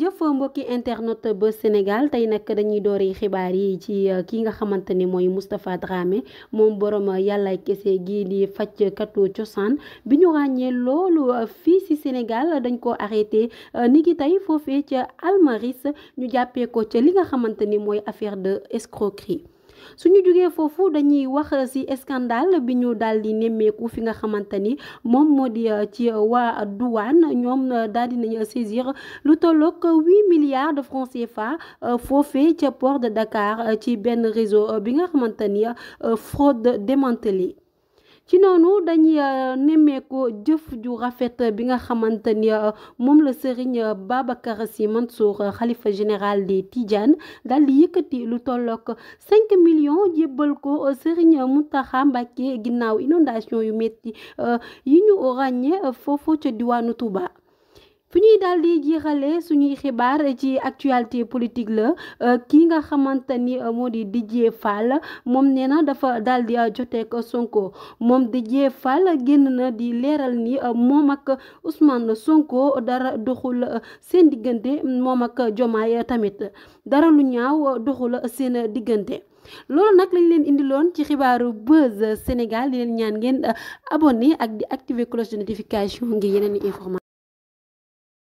jëf mbokki internet ba Sénégal tey nak dañuy doori xibaar yi ci euh, ki nga xamante ni mooy Moustapha Dramé moom borom euh, yàllaay kese gi di fajkatu cosaan bi ñu ràññee loolu euh, fii ci Sénégal dañ ko arrêté nit ki tey foofee ca Almaris ñu jàppee ko ca li nga xamante ni mooy affaire de escroquerie suñu jógee foofu dañuy wax ci scandale bi ñu daal di nemmeeku fi nga xamante ni moom moo di euh, ci euh, waa duwaan ñoom euh, daal di nañu saisir lu tolloog huit milliards de francs fa foofee ca port de Dakar ci benn réseau bi nga xamante ni fraude démantelée ci noonu dañuy euh, nemmeekoo jëf ju rafet bi nga xamante ni euh, moom la Serigne euh, Babacar Sy Mansour xalifa général des Tidiane daal yëkkati lu tollook cinq millions jébbal ko Serigne Mountakha Mbacké ginnaaw inondation yu metti yi ñu ràññee foofu ca diwaanu Touba. fi ñuy daal di jeexalee suñuy xibaar ci actualité politique la euh, kii nga xamante ni euh, moo di di Didier Fall moom nee na dafa daal di euh, joteek Sonko moom di Didier Fall génn na di leeral ni moom ak Ousmane Sonko dara doxul seen diggante moom ak Jomaay tamit dara lu ñaaw doxul seen diggante. loolu nag lañ leen indiloon ci xibaaru Buzz Sénégal di leen ñaan ngeen abonné ak di activer cloche de notification ngir yeneen information